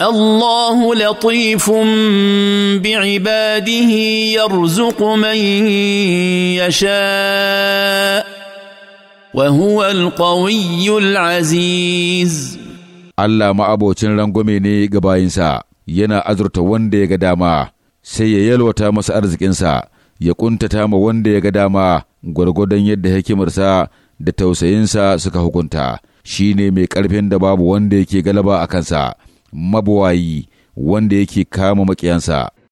الله لطيف بعباده يرزق من يشاء وهو القوي العزيز Allah ma'abocin rangwame ne ga bayinsa, yana azurta wanda ya ga dama, sai ya yalwata masu arzikinsa, ya ƙuntata ma wanda ya ga dama gwargwadon yadda hikimarsa da tausayinsa suka hukunta, shi ne mai ƙarfin da babu wanda yake galaba a kansa. mabuwayi wanda yake kama maƙiyansa.